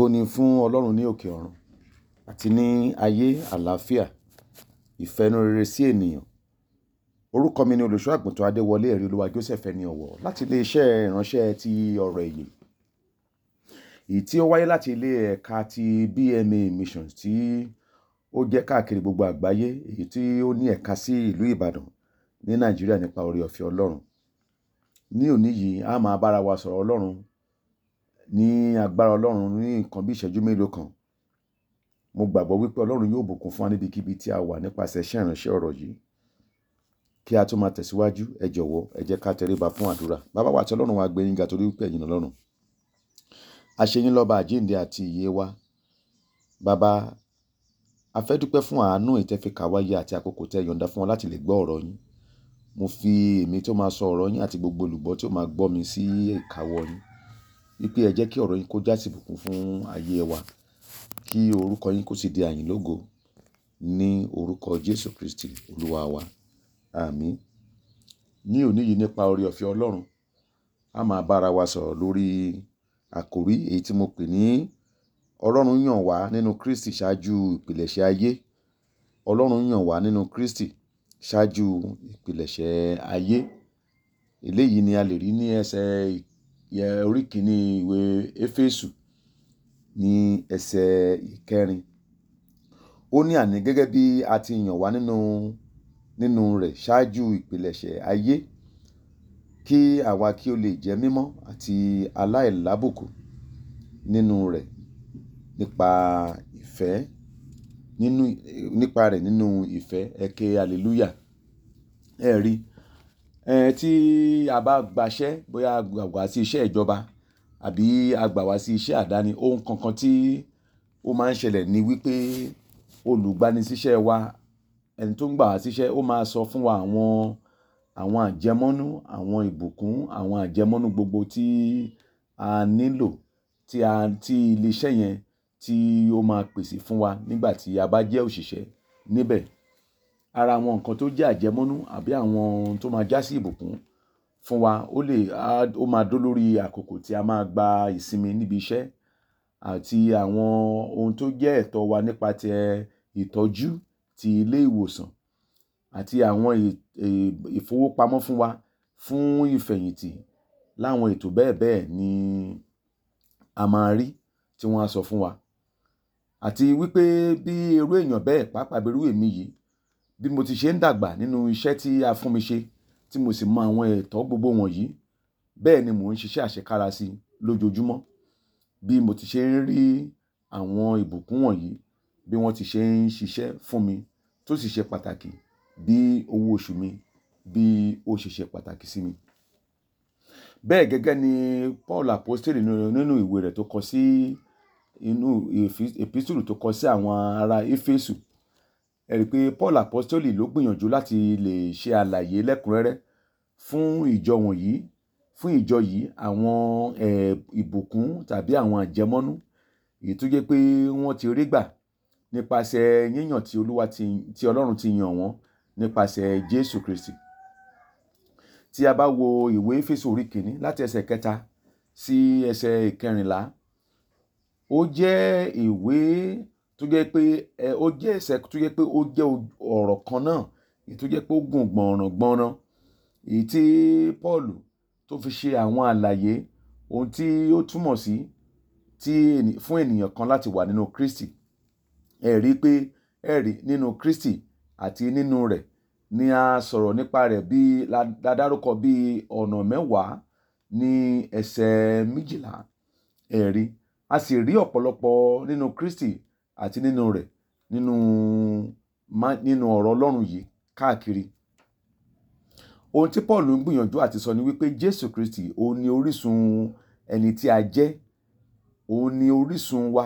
Ògo ni fún Ọlọ́run ní òkè ọ̀run àti ní ayé àlàáfíà, ìfẹ́nurere sí ènìyàn. Orúkọ mi ni Olùṣọ́ àgùntàn Adéwọlé ẹ̀rí Olúwa Joseph ẹni ọ̀wọ̀ láti ilé iṣẹ́ ìránṣẹ́ ti ọ̀rọ̀ ẹ̀yìn. Èyí tí ó wáyé láti ilé ẹ̀ka ti BMA Missions tí ó jẹ́ káàkiri gbogbo àgbáyé èyí tí ó ní ẹ̀ka sí ìlú Ìbàdàn ní Nàìjíríà nípa oore ọ̀fẹ́ Ọlọ́run. Ní òní yìí, a máa bára wa sọ̀rọ̀ Ọlọ́run ní agbára Ọlọ́run ní nǹkan bí ìṣẹ́jú mélòó kan. Mo gbàgbọ́ wípé Ọlọ́run yóò bùkún fún wa níbikíbi tí a wà nípasẹ̀ iṣẹ́ ìránṣẹ́ ọ̀rọ̀ yìí. Kí a tó máa tẹ̀síwájú, ẹ jọ̀wọ́ ẹ jẹ́ ká tẹríba fún àdúrà. Baba wa àti Ọlọ́run wa gbé yín ga torí wípé ẹ̀yin Ọlọ́run. A lọ́ba àjíǹde àti ìyè wa. Baba, a fẹ́ dúpẹ́ fún àánú ìtẹ́fikà wáyé àti àkókò tẹ́ yọ̀ǹda fún wa láti lè gbọ́ ọ̀rọ̀ yín. Mo fi èmi tó máa sọ ọ̀rọ̀ yín àti gbogbo olùgbọ́ tí máa gbọ́ mi sí ìkáwọ́ yín wípé ẹ jẹ́ kí ọ̀rọ̀ yín kó jásí ìbùkún fún ayé wa, kí orúkọ yín kó sì di àyìnlógo ní orúkọ Jésù Kristi Olúwa wa. Àmín. Ní òní yìí nípa oore-ọ̀fẹ́ Ọlọ́run, a máa bá ara wa sọ̀rọ̀ lórí àkòrí èyí tí mo pè ní Ọlọ́run yàn wá nínú Kristi ṣáájú ìpilẹ̀ṣẹ̀ ayé. Ọlọ́run yàn wá nínú Kristi ṣáájú ìpilẹ̀ṣẹ̀ ayé. Eléyìí ni a lè rí ní ẹsẹ̀ orí kìíní ìwé Éfésù ní ẹsẹ̀ ìkẹrin. Ó ní àní gẹ́gẹ́ bí a ti yàn wá nínú nínú rẹ̀ ṣáájú ìpilẹ̀ṣẹ̀ ayé kí àwa kí ó lè jẹ́ mímọ́ àti aláìlábùkù nínú rẹ̀ nípa ìfẹ́ nínú nípa rẹ̀ nínú ìfẹ́ ẹ ké hallelujah. Ẹ rí i tí a bá gbaṣẹ́ bóyá a gbà wá sí iṣẹ́ ìjọba àbí a gbà wá sí iṣẹ́ àdáni ohun kankan tí ó máa ń ṣẹlẹ̀ ni wípé olùgbanisíṣẹ́ wa ẹni tó ń gbà wá síṣẹ́ ó máa sọ fún wa àwọn àwọn àjẹmọ́nú àwọn ìbùkún àwọn àjẹmọ́nú gbogbo tí a nílò tí a tí ilé iṣẹ́ yẹn tí ó máa pèsè fún wa nígbà tí a bá jẹ́ òṣìṣẹ́ níbẹ̀ ara àwọn nǹkan tó jẹ́ àjẹmọ́nú àbí àwọn ohun tó máa já sí ìbùkún fún wa ó lè ó máa dó lórí àkókò tí a máa gba ìsinmi níbi iṣẹ́ àti àwọn ohun tó jẹ́ ẹ̀tọ́ wa nípa ti ìtọ́jú ti ilé ìwòsàn àti àwọn ìfowópamọ́ fún wa fún ìfẹ̀yìntì láwọn ètò bẹ́ẹ̀ bẹ́ẹ̀ ni a máa rí tí wọ́n á sọ fún wa àti wípé bí irú èèyàn bẹ́ẹ̀ pàápàá bí irú èmi yìí bí mo ti ṣe ń dàgbà nínú iṣẹ́ tí a fún mi ṣe tí mo sì mọ àwọn ẹ̀tọ́ gbogbo wọ̀nyí bẹ́ẹ̀ ni mò ń ṣiṣẹ́ àṣekára sí lójoojúmọ́. Bí mo ti ṣe ń rí àwọn ìbùkún wọ̀nyí, bí wọ́n ti ṣe ń ṣiṣẹ́ fún mi tó sì ṣe pàtàkì bí owó oṣù mi bí ó ṣe ṣe pàtàkì sí mi. Bẹ́ẹ̀ gẹ́gẹ́ ni Paul Apostle nínú ìwé rẹ̀ tó kọ sí inú epistulu tó kọ sí àwọn ará Efesu ẹ̀rí pé Paul apostoli ló gbìyànjú láti lè ṣe àlàyé lẹ́kùnrẹ́rẹ́ fún ìjọ wọ̀nyí fún ìjọ yìí àwọn ìbùkún tàbí àwọn àjẹmọ́nú èyí tó jẹ́ pé wọ́n ti rí gbà nípasẹ̀ yíyàn tí olúwa tí ọlọ́run ti yàn wọ́n nípasẹ̀ Jésù Kristi tí a bá wo ìwé Éfésù orí kìíní láti ẹsẹ̀ kẹta sí ẹsẹ̀ ìkẹrìnlá ó jẹ́ ìwé tó jẹ́ pé ẹ ó jẹ́ ẹsẹ̀ tó jẹ́ pé ó jẹ́ ọ̀rọ̀ kan náà èyí tó jẹ́ pé ó gùn gbọ̀nràn gbọ̀nràn èyí tí Paul tó fi ṣe àwọn àlàyé ohun tí ó túmọ̀ sí fún ènìyàn kan láti wà nínú Kristi ẹ rí pé ẹ rí nínú Kristi àti nínú rẹ̀ ni a sọ̀rọ̀ nípa rẹ̀ bí la dárúkọ bí ọ̀nà mẹ́wàá ní ẹsẹ̀ méjìlá ẹ rí a sì rí ọ̀pọ̀lọpọ̀ nínú Kristi àti nínú rẹ̀ nínú ọ̀rọ̀ Ọlọ́run yìí káàkiri. Ohun tí Paul ń gbìyànjú àti sọ ni wípé Jésù Kristi òun ni orísun ẹni tí a jẹ́ òun ni orísun wa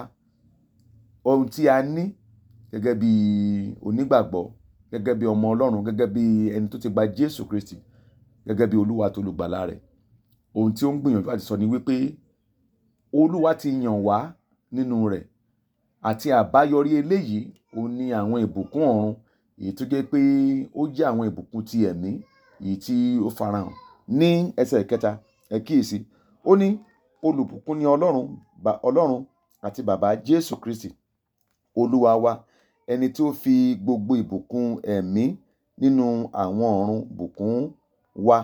ohun tí a ní gẹ́gẹ́ bí onígbàgbọ́ gẹ́gẹ́ bí ọmọ Ọlọ́run gẹ́gẹ́ bí ẹni tó ti gba Jésù Kristi gẹ́gẹ́ bí Olúwa àti olùgbàlà rẹ̀ ohun tí ó ń gbìyànjú àti sọ ni wípé Olúwa ti yàn wá nínú rẹ̀ àti àbáyọrí eléyìí òun ni àwọn ìbùkún ọ̀run èyí tó jẹ́ pé ó jẹ́ àwọn ìbùkún ti ẹ̀mí èyí tí ó farahàn ní ẹsẹ̀ kẹta ẹ kíyèsí ó ní olùbùkún ni ọlọ́run ọlọ́run àti bàbá jésù kristi olúwa wa ẹni tí ó fi gbogbo ìbùkún ẹ̀mí nínú àwọn ọ̀run bùkún wa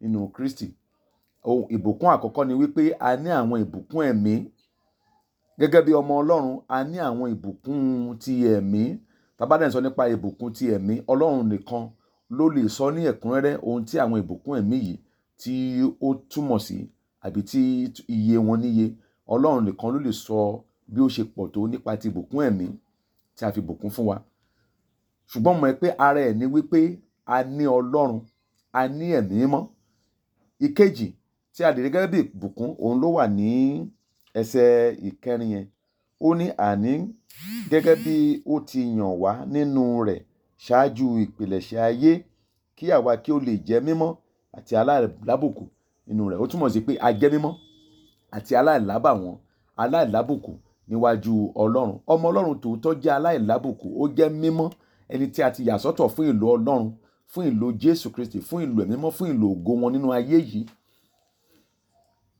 nínú kristi ìbùkún àkọ́kọ́ ni wípé a ní àwọn ìbùkún ẹ̀mí gẹ́gẹ́ bí ọmọ Ọlọ́run a ní àwọn ìbùkún ti ẹ̀mí tàbá dẹ̀ ń sọ nípa ìbùkún ti ẹ̀mí Ọlọ́run nìkan ló lè sọ ní ẹ̀kúnrẹ́rẹ́ ohun tí àwọn ìbùkún ẹ̀mí yìí tí ó túmọ̀ sí àbí tí iye wọn níye Ọlọ́run nìkan ló lè sọ bí ó ṣe pọ̀ tó nípa ti ìbùkún ẹ̀mí tí a fi bùkún fún wa ṣùgbọ́n mọ̀ ẹ́ pé ara ẹ̀ ni wípé a ní Ọlọ́run a ní ẹ̀mí mọ́ ìkejì tí a lè rí gẹ́gẹ́ bí ìbùkún òun ló wà ní ẹsẹ̀ ìkẹrin yẹn ó ní àní gẹ́gẹ́ bí ó ti yàn wá nínú rẹ̀ ṣáájú ìpilẹ̀ṣẹ̀ ayé kí àwa kí ó lè jẹ́ mímọ́ àti aláìlábùkù nínú rẹ̀ ó túmọ̀ sí pé a jẹ́ mímọ́ àti aláìlábàwọ́n aláìlábùkù níwájú ọlọ́run ọmọ ọlọ́run tòótọ́ jẹ́ aláìlábùkù ó jẹ́ mímọ́ ẹni tí a ti yà sọ́tọ̀ fún ìlò ọlọ́run fún ìlò jésù kristi fún ìlò ẹ̀mímọ́ fún ìlò ògo wọn nínú ayé yìí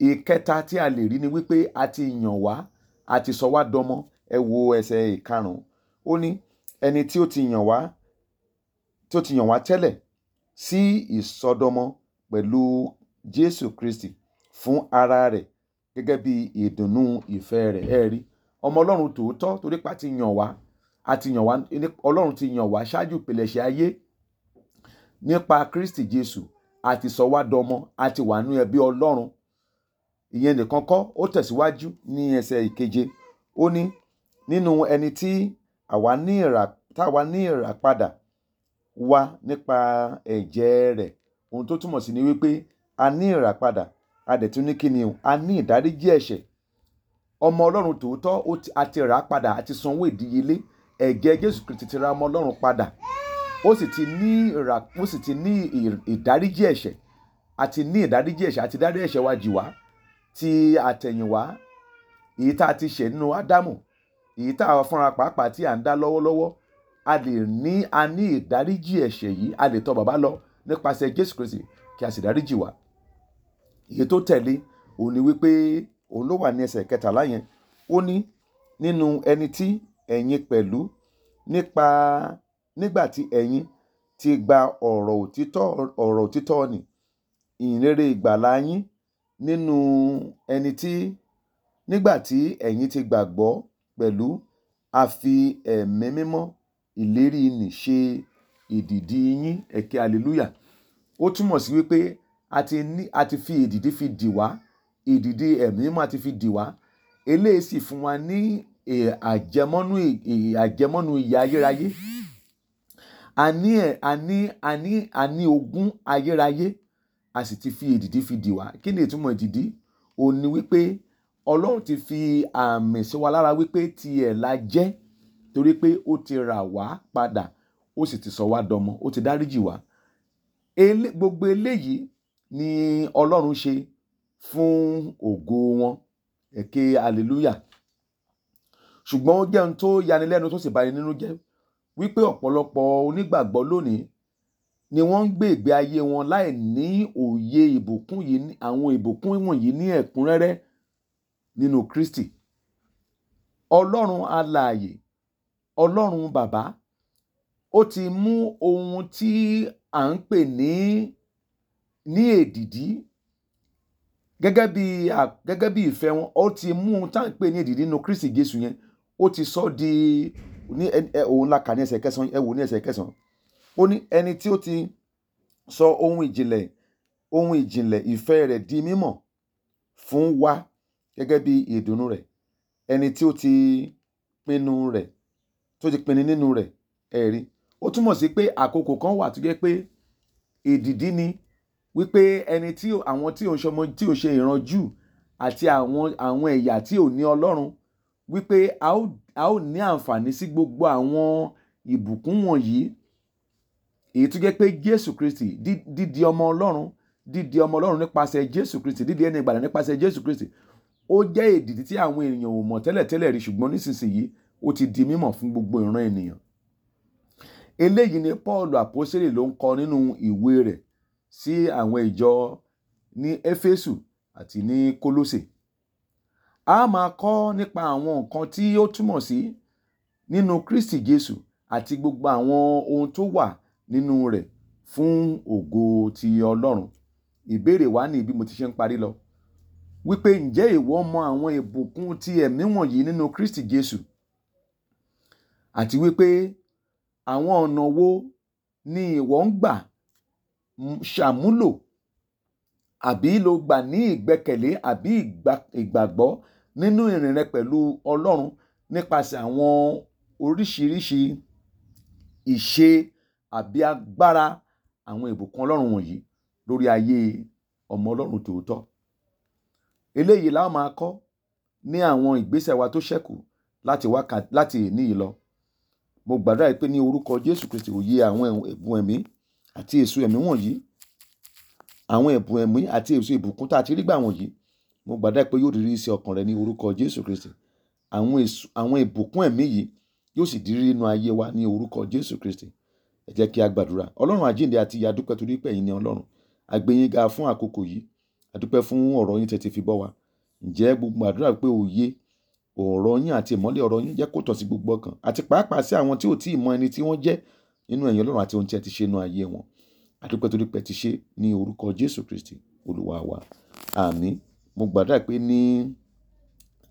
ìkẹta tí a lè rí ni wípé a ti yàn wá a ti sọ wá dọmọ ẹ wo ẹsẹ̀ ìkarùn ó ní ẹni tí ó ti yàn wá tí ó ti yàn wá tẹ́lẹ̀ sí ìsọdọmọ pẹ̀lú Jésù Kristi fún ara rẹ̀ gẹ́gẹ́ bí ìdùnnú ìfẹ́ rẹ̀ ẹ rí ọmọ Ọlọ́run tòótọ́ torí pa ti yàn wá a ti yàn wá Ọlọ́run ti yàn wá ṣáájú ìpilẹ̀ṣẹ̀ ayé nípa Kristi Jésù a ti sọ wá dọmọ a ti wà nú ẹbí Ọlọ́run ìyẹn nìkan kọ́ ó tẹ̀síwájú ní ẹsẹ̀ ìkeje ó ní nínú ẹni tí àwa ní ìrà táwa ní ìràpadà wa nípa ẹ̀jẹ̀ rẹ̀ ohun tó túmọ̀ sí ni wípé a ní ìràpadà a dẹ̀ tún ní kíni o a ní ìdáríjì ẹ̀ṣẹ̀ ọmọ ọlọ́run tòótọ́ a ti rà padà a ti sanwó ìdíyelé ẹ̀jẹ̀ jésù kristi ti ra ọmọ ọlọ́run padà ó sì ti ní ìrà ó sì ti ní ìdáríjì ẹ̀ṣẹ̀ a ti ní ìdáríjì ẹ̀ṣẹ̀ a ti dárí ẹ̀ṣẹ̀ wa jì ti àtẹ̀yìnwá èyí tá a ti ṣẹ̀ nínú ádámù èyí tá a fúnra pàápàá tí à ń dá lọ́wọ́lọ́wọ́ a lè ní a ní ìdáríjì ẹ̀ṣẹ̀ yìí a lè tọ̀ bàbá lọ nípasẹ̀ jésù kristi kí a sì dáríjì wá èyí tó tẹ̀lé òun ni wípé òun ló wà ní ẹsẹ̀ kẹtàlá yẹn ó ní nínú ẹni tí ẹ̀yin pẹ̀lú nípa nígbà tí ẹ̀yin ti gba ọ̀rọ̀ òtítọ́ ọ̀rọ̀ òtítọ́ nì ìyìnrere ìgbàlá yín nínú ẹni tí nígbà tí ẹ̀yin ti gbàgbọ́ pẹ̀lú a fi ẹ̀mí mímọ́ ìlérí nì ṣe èdìdì yín ẹ̀kẹ́ hallelujah. Ó túmọ̀ sí wípé a ti ní a ti fi èdìdì fi dì wá èdìdì ẹ̀mí mímọ́ a ti fi dì wá eléyìí sì fún wa ní àjẹmọ́nú àjẹmọ́nú ayérayé. a ní ogún ayérayé a sì ti fi èdìdí fi dì wá kí ni ìtumọ̀ èdìdí ó ní wípé ọlọ́run ti fi àmì sí wa lára wípé tiẹ̀ la jẹ́ torí pé ó ti rà wá padà ó sì ti sọ wá dọmọ ó ti dáríjì wá gbogbo eléyìí ni ọlọ́run ṣe fún ògo wọn èké hallelujah ṣùgbọ́n ó jẹ́ ohun tó yanilẹ́nu tó sì bani nínú jẹ́ wípé ọ̀pọ̀lọpọ̀ onígbàgbọ́ lónìí ni wọ́n ń gbé ìgbé ayé wọn láì ní òye ìbùkún yìí àwọn ìbùkún wọ̀nyí ní ẹ̀kúnrẹ́rẹ́ nínú Kristi ọlọ́run alààyè ọlọ́run bàbá ó ti mú ohun tí à ń pè ní ní èdìdí gẹ́gẹ́ bí gẹ́gẹ́ bí ìfẹ́ wọn ó ti mú ohun tá à ń pè ní èdìdí nínú Kristi Jésù yẹn ó ti sọ di òun la kà ní ẹsẹ̀ kẹsàn-án ẹ wò ní ẹsẹ̀ kẹsàn-án Ó ní ẹni tí ó ti sọ ohun ìjìnlẹ̀, ohun ìjìnlẹ̀ ìfẹ́ rẹ̀ di mímọ̀ fún wa gẹ́gẹ́ bí ìdùnnú rẹ̀. Ẹni tí ó ti pinnu rẹ̀, tó ti pinnu nínú rẹ̀, ẹ̀rí. Ó túmọ̀ sí pé àkókò kan wà tó jẹ́ pé èdìdí ni wípé ẹni tí àwọn tí ò ń ṣọmọ, tí ò ṣe ìran àti àwọn, àwọn ẹ̀yà tí ò ní Ọlọ́run wípé a ó ní àǹfààní sí gbogbo àwọn ìbùkún wọ̀nyí èyí tó jẹ́ pé jésù kristi dídi ọmọ ọlọ́run dídi ọmọ ọlọ́run nípasẹ̀ jésù kristi dídi ẹni ìgbàlà nípasẹ̀ jésù kristi ó jẹ́ èdìdí tí àwọn èèyàn ò mọ̀ tẹ́lẹ̀tẹ́lẹ̀ rí ṣùgbọ́n nísinsìnyí ó ti di mímọ̀ fún gbogbo ìran ènìyàn eléyìí ni paul àpòsílẹ̀ ló ń kọ nínú ìwé rẹ̀ sí àwọn ìjọ ní éfésù àti ní kólósè a máa kọ́ nípa àwọn nǹkan tí ó túmọ̀ sí nínú kristi jésù àti gbogbo àwọn ohun tó wà nínú rẹ̀ fún ògo ti Ọlọ́run ìbéèrè wa ní ibi mo ti ṣe ń parí lọ wípé ǹjẹ́ ìwọ mọ àwọn ìbùkún ti ẹ̀mí wọ̀nyí nínú Kristi Jésù àti wípé àwọn ọ̀nà wo ni ìwọ ń gbà ṣàmúlò àbí lo gbà ní ìgbẹ́kẹ̀lé àbí ìgbàgbọ́ nínú ìrìn rẹ pẹ̀lú Ọlọ́run nípasẹ̀ àwọn oríṣiríṣi ìṣe àbí agbára àwọn ìbùkún ọlọ́run wọ̀nyí lórí ayé ọmọ ọlọ́run tòótọ́ eléyìí la ó máa kọ́ ní àwọn ìgbésẹ̀ wa tó ṣẹ́kù láti wákàtí láti èní yìí lọ mo gbàdúrà pé ní orúkọ jésù kristi òye àwọn ẹ̀bùn ẹ̀mí àti èso ẹ̀mí wọ̀nyí àwọn ẹ̀bùn ẹ̀mí àti èso ìbùkún tá a ti rí gbà wọ̀nyí mo gbàdúrà pé yóò rírí sí ọkàn rẹ ní orúkọ jésù kristi àwọn ìbùkún ẹ̀mí yìí yóò sì di rírí inú ayé wa ní orúkọ jésù kristi ẹ jẹ́ kí a gbàdúrà ọlọ́run àjíǹde àti ìyá dúpẹ́ torí pé ẹ̀yin ni ọlọ́run a gbé yín ga fún àkókò yìí a dúpẹ́ fún ọ̀rọ̀ yín tẹ́tí fi bọ́ wa ǹjẹ́ gbogbo àdúrà pé òye ọ̀rọ̀ yín àti ìmọ́lẹ̀ ọ̀rọ̀ yín jẹ́ kó tọ̀ sí gbogbo ọkàn àti pàápàá sí àwọn tí ò tí ì mọ ẹni tí wọ́n jẹ́ nínú ẹ̀yin ọlọ́run àti ohun tí ẹ ti ṣe nínú ayé wọn a torí pé ti ṣe ní orúkọ Jésù Kristi olúwa wa àmín mo gbàdúrà pé ní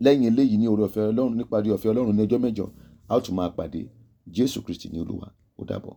lẹ́yìn eléyìí ní orí ọ̀fẹ́ ọlọ́run nípa orí ọ̀fẹ́ ọlọ́run ní ọjọ́ mẹ́jọ a ó tún máa pàdé Jésù Kristi ní olúwa ó dàbọ̀